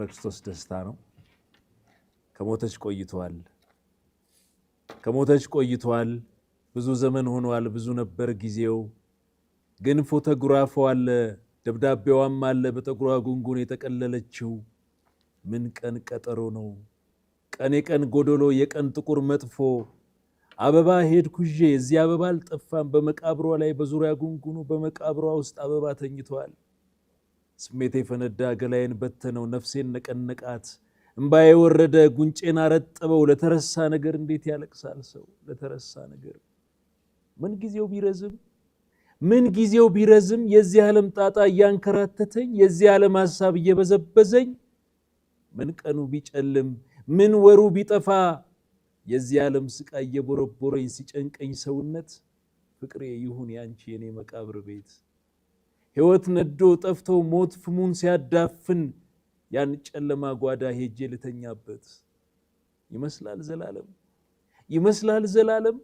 የክብረ ክርስቶስ ደስታ ነው። ከሞተች ቆይተዋል፣ ከሞተች ቆይተዋል። ብዙ ዘመን ሆኗል። ብዙ ነበር ጊዜው። ግን ፎቶግራፏ አለ፣ ደብዳቤዋም አለ። በጠጉሯ ጉንጉን የተቀለለችው ምን ቀን ቀጠሮ ነው? ቀን የቀን ጎደሎ፣ የቀን ጥቁር መጥፎ አበባ ሄድኩ ይዤ እዚህ አበባ አልጠፋም። በመቃብሯ ላይ በዙሪያ ጉንጉኑ በመቃብሯ ውስጥ አበባ ተኝቷል። ስሜት የፈነዳ ገላዬን በተነው፣ ነፍሴን ነቀነቃት፣ እምባዬ የወረደ ጉንጬን አረጠበው። ለተረሳ ነገር እንዴት ያለቅሳል ሰው! ለተረሳ ነገር ምን ጊዜው ቢረዝም ምን ጊዜው ቢረዝም የዚህ ዓለም ጣጣ እያንከራተተኝ የዚህ ዓለም ሀሳብ እየበዘበዘኝ ምን ቀኑ ቢጨልም ምን ወሩ ቢጠፋ የዚህ ዓለም ስቃይ እየቦረቦረኝ ሲጨንቀኝ ሰውነት ፍቅሬ ይሁን ያንቺ የኔ መቃብር ቤት ሕይወት ነዶ ጠፍቶ ሞት ፍሙን ሲያዳፍን ያን ጨለማ ጓዳ ሄጄ ልተኛበት ይመስላል ዘላለም ይመስላል ዘላለም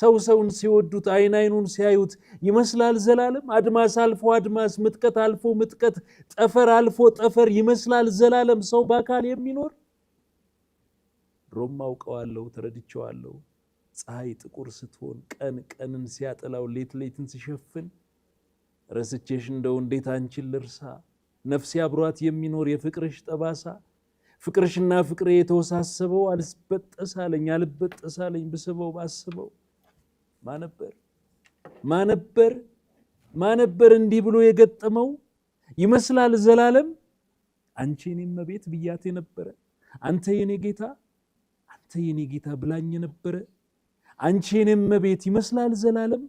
ሰው ሰውን ሲወዱት አይን አይኑን ሲያዩት ይመስላል ዘላለም አድማስ አልፎ አድማስ ምጥቀት አልፎ ምጥቀት ጠፈር አልፎ ጠፈር ይመስላል ዘላለም ሰው በአካል የሚኖር ድሮም አውቀዋለሁ ተረድቼዋለሁ ፀሐይ ጥቁር ስትሆን ቀን ቀንን ሲያጠላው ሌት ሌትን ሲሸፍን ረስቼሽ እንደው እንዴት አንቺን ልርሳ ነፍሴ አብሯት የሚኖር የፍቅርሽ ጠባሳ ፍቅርሽና ፍቅሬ የተወሳሰበው አልበጠሳለኝ አልበጠሳለኝ ብስበው ባስበው ማነበር ማነበር ማነበር እንዲህ ብሎ የገጠመው ይመስላል ዘላለም አንቺ የኔ እመቤት ብያት የነበረ አንተ የኔ ጌታ አንተ የኔ ጌታ ብላኝ የነበረ አንቺ የኔ እመቤት ይመስላል ዘላለም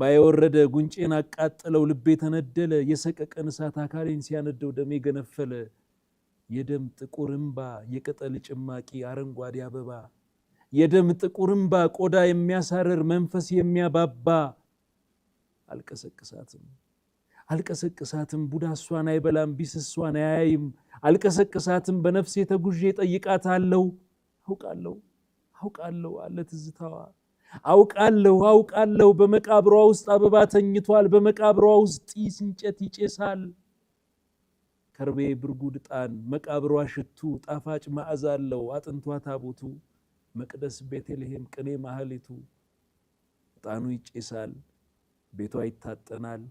ማየወረደ ጉንጬን አቃጠለው ልቤ ተነደለ የሰቀቀን እሳት አካሌን ሲያነደው ደሜ ገነፈለ የደም ጥቁር እምባ የቅጠል ጭማቂ አረንጓዴ አበባ የደም ጥቁር እምባ ቆዳ የሚያሳርር መንፈስ የሚያባባ አልቀሰቅሳትም አልቀሰቅሳትም ቡዳ እሷን አይበላም ቢስ እሷን አያይም አልቀሰቅሳትም በነፍሴ ተጉዤ ጠይቃት አለው አውቃለሁ አውቃለሁ አለ ትዝታዋ አውቃለሁ አውቃለሁ፣ በመቃብሯ ውስጥ አበባ ተኝቷል፣ በመቃብሯ ውስጥ ጢስ እንጨት ይጨሳል። ከርቤ ብርጉድ ጣን መቃብሯ ሽቱ ጣፋጭ መዓዛ አለው። አጥንቷ ታቦቱ መቅደስ ቤተልሔም ቅኔ ማህሌቱ ጣኑ ይጨሳል፣ ቤቷ ይታጠናል።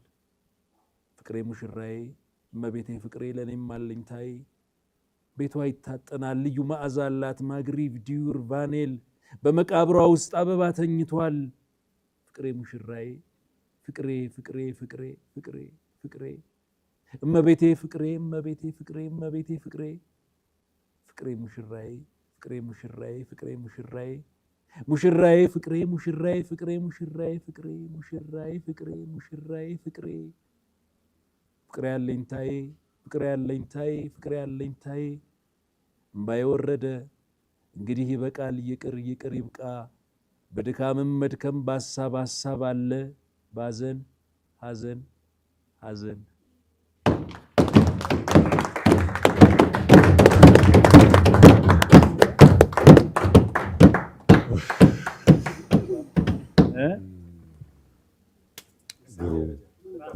ፍቅሬ ሙሽራዬ እመቤቴ ፍቅሬ ለእኔም አለኝታዬ ቤቷ ይታጠናል። ልዩ መዓዛ አላት ማግሪቭ ዲዩር ቫኔል በመቃብሯ ውስጥ አበባ ተኝቷል ፍቅሬ ሙሽራዬ ፍቅሬ ፍቅሬ ፍቅሬ ፍቅሬ ፍቅሬ እመቤቴ ፍቅሬ እመቤቴ ፍቅሬ እመቤቴ ፍቅሬ ፍቅሬ ሙሽራዬ ፍቅሬ ሙሽራዬ ፍቅሬ ሙሽራዬ ሙሽራዬ ፍቅሬ ሙሽራዬ ፍቅሬ ሙሽራዬ ፍቅሬ ሙሽራዬ ፍቅሬ ሙሽራዬ ፍቅሬ ፍቅሬ አለኝታዬ ፍቅሬ አለኝታዬ ፍቅሬ አለኝታዬ እምባዬ ወረደ እንግዲህ ይበቃል፣ ይቅር ይቅር፣ ይብቃ። በድካምም መድከም፣ በሀሳብ ሀሳብ አለ፣ ባዘን ሀዘን ሀዘን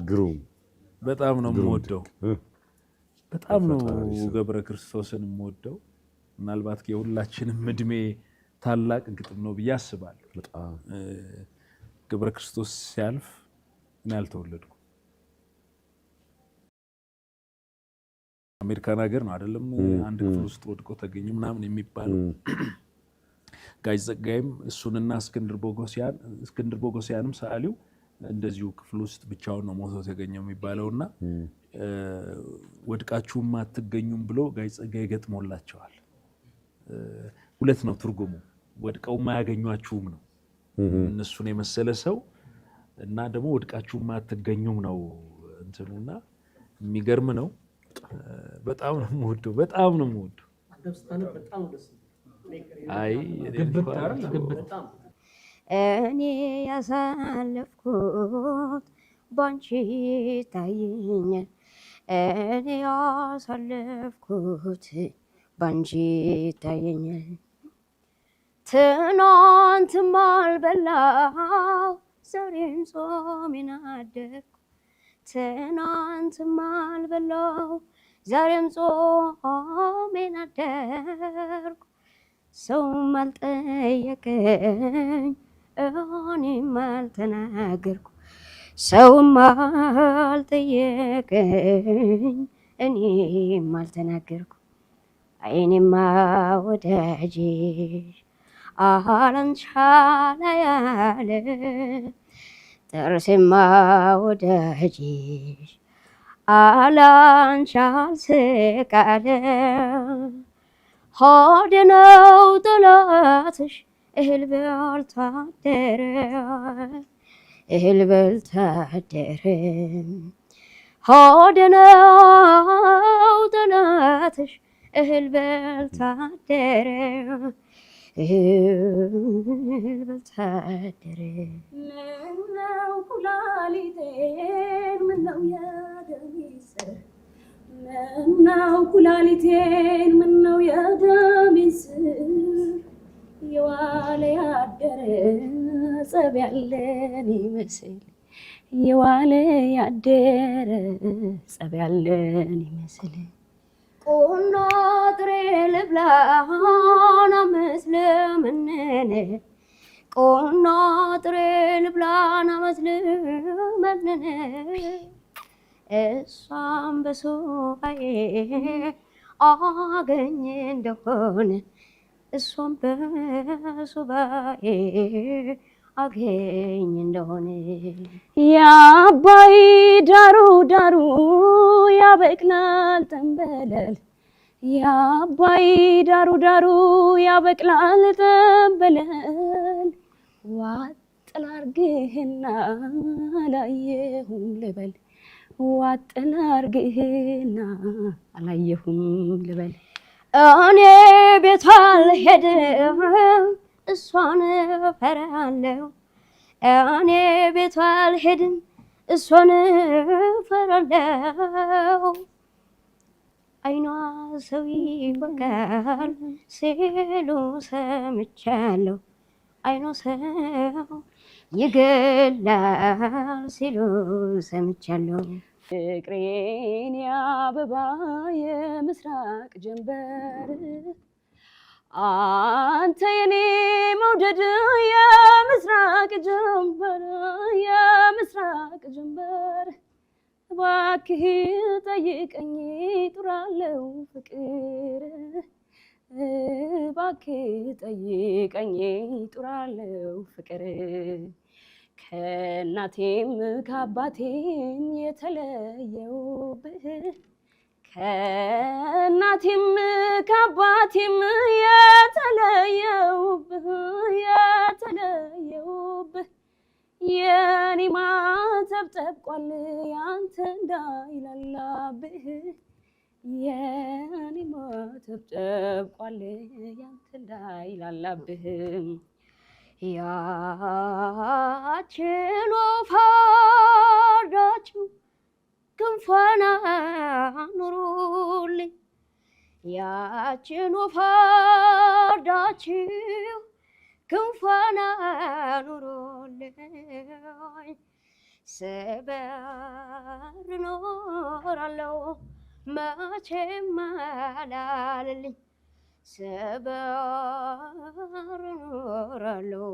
ግሩም በጣም ነው የምወደው። በጣም ነው ገብረ ክርስቶስን የምወደው። ምናልባት የሁላችንም እድሜ ታላቅ ግጥም ነው ብዬ አስባለሁ። ገብረ ክርስቶስ ሲያልፍ እኔ አልተወለድኩም። አሜሪካን ሀገር ነው አይደለም አንድ ክፍል ውስጥ ወድቆ ተገኘ ምናምን የሚባለው። ጋሽ ጸጋይም እሱንና እስክንድር ቦጎሲያንም ሰዓሊው እንደዚሁ ክፍል ውስጥ ብቻውን ነው ሞቶ ተገኘው የሚባለው እና ወድቃችሁም አትገኙም ብሎ ጋሽ ጸጋይ ገጥሞላቸዋል። ሁለት ነው ትርጉሙ። ወድቀው ማያገኟችሁም ነው እነሱን የመሰለ ሰው እና ደግሞ ወድቃችሁ ማትገኙም ነው እንትኑና የሚገርም ነው። በጣም ነው የምወደው፣ በጣም ነው የምወደው። አይ እኔ ያሳለፍኩት ባንቺ ታየኛል። እኔ ያሳለፍኩት ባንጂ ይታየኛል። ትናንትማ አልበላው ዛሬም ጾሜን አደርኩ። ትናንትማ አልበላው ዛሬም ጾሜን አደርኩ። ሰውም አልጠየቀኝ እኔም አልተናገርኩ። ሰውም አልጠየቀኝ እኔም አልተናገርኩ። ዓይንማ ወዳጅሽ አሃረንቻላ ያለ ጥርስማ ወዳጅሽ አላንቻል ስቃለ ሆድነው ጥላትሽ እህል በልታ አደረ እህል በልታ አደረ ሆድነው ጥላትሽ እህል በልታ አደረ እህል በልታ አደረ ምነው ኩላሊቴን ምነው ያደሚስ ምነው ኩላሊቴን ምነው ያደሚስ የዋለ ያደረ ጸብ ያለን ይመስል የዋለ ያደረ ጸብ ያለን ይመስል ቁና ጥሬ ልብላ ናመስልምንን ቁና ጥሬ ልብላ ናመስልምንን እሷም በሱባኤ አገኝ እንደሆነ እሷም በሱባኤ አገኝ እንደሆነ የአባይ ዳሩ ዳሩ ያበቅላል ጠንበለል የአባይ ዳሩ ዳሩ ያበቅላል ጠንበለል ዋጥላ አርግህና አላየሁም ልበል ዋጥላ አላየሁም ልበል እኔ ቤቷ አልሄድም እሷን ፈራለው። እኔ ቤቷ አልሄድም እሷን ፈራለው። አይኗ ሰው ይበቃል ሲሉ ሰምቻለሁ። አይኗ ሰው ይገላል ሲሉ ሰምቻለሁ። ፍቅሬን የአበባ የምስራቅ ጀንበር አንተ የኔ መውደድ የምስራቅ ጀንበር የምስራቅ ጀንበር እባክህ ጠይቀኝ ጥራለው ፍቅር እባክህ ጠይቀኝ ጥራለው ፍቅር ከእናቴም ከአባቴም የተለየውብህ ከእናቴም ከአባቴም የተለየውብህ የተለየውብህ የኔ ማተብ ጠብቋል ያንተ እንዳይላላብህ የኔ ማተብ ጠብቋል ያንተ እንዳይላላብህ ያችን ወፍ አዳችሁ ያችን ወፋዳችሁ ክንፋና ኑሮልኝ ስበር ኖራለው መቼም አላልልኝ ስበር ኖራለው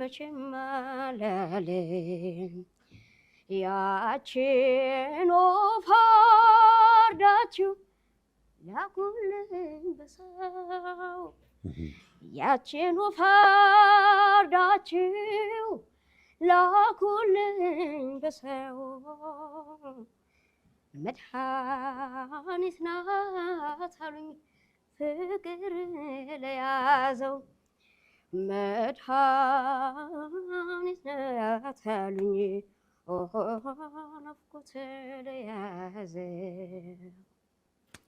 መቼም አላልልኝ ያችን ወፋዳችሁ ያጉልኝ በሰው ያችን ወፋርዳችሁ ላኩልኝ በሰው መድኃኒት ናት አሉኝ ፍቅር ለያዘው መድኃኒት ናት አሉኝ ናፍቆት ለያዘ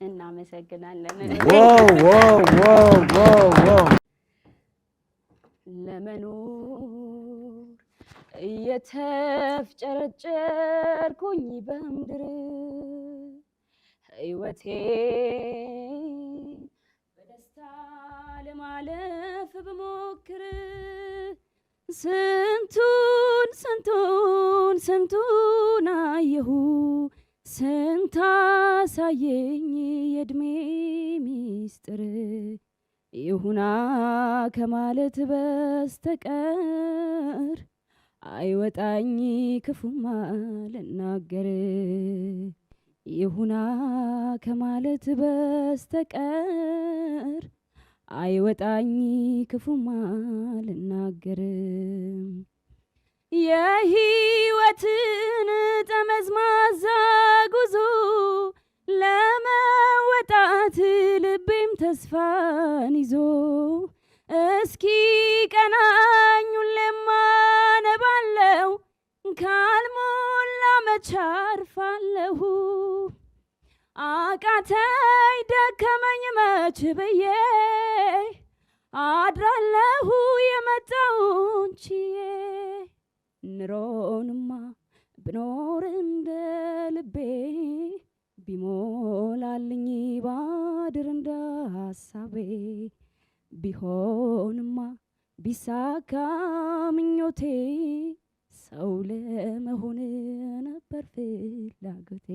እናመሰግናለን። ለመኖር እየተፍጨረጨርኩኝ በምድር ሕይወቴ በደስታ ለማለፍ ብሞክር ስንቱን ስንቱን ስንቱን አየሁ ስንታሳየኝ የእድሜ ሚስጥር ይሁና ከማለት በስተቀር አይወጣኝ ክፉማ ልናገር ይሁና ከማለት በስተቀር አይወጣኝ ክፉማ ልናገር የህይወትን ጠመዝማዛ ጉዞ ለመወጣት ልቤም ተስፋን ይዞ እስኪ ቀናኝ ሁሌም አነባለው ካልሞላ መቼ አቃተይ ደከመኝ መች ብዬ አድራለሁ የመጣውን ችዬ ኑሮንማ ብኖር እንደ ልቤ ቢሞላልኝ ባድር እንደ ሀሳቤ ቢሆንማ ቢሳካ ምኞቴ ሰው ለመሆን ነበር ፍላጎቴ።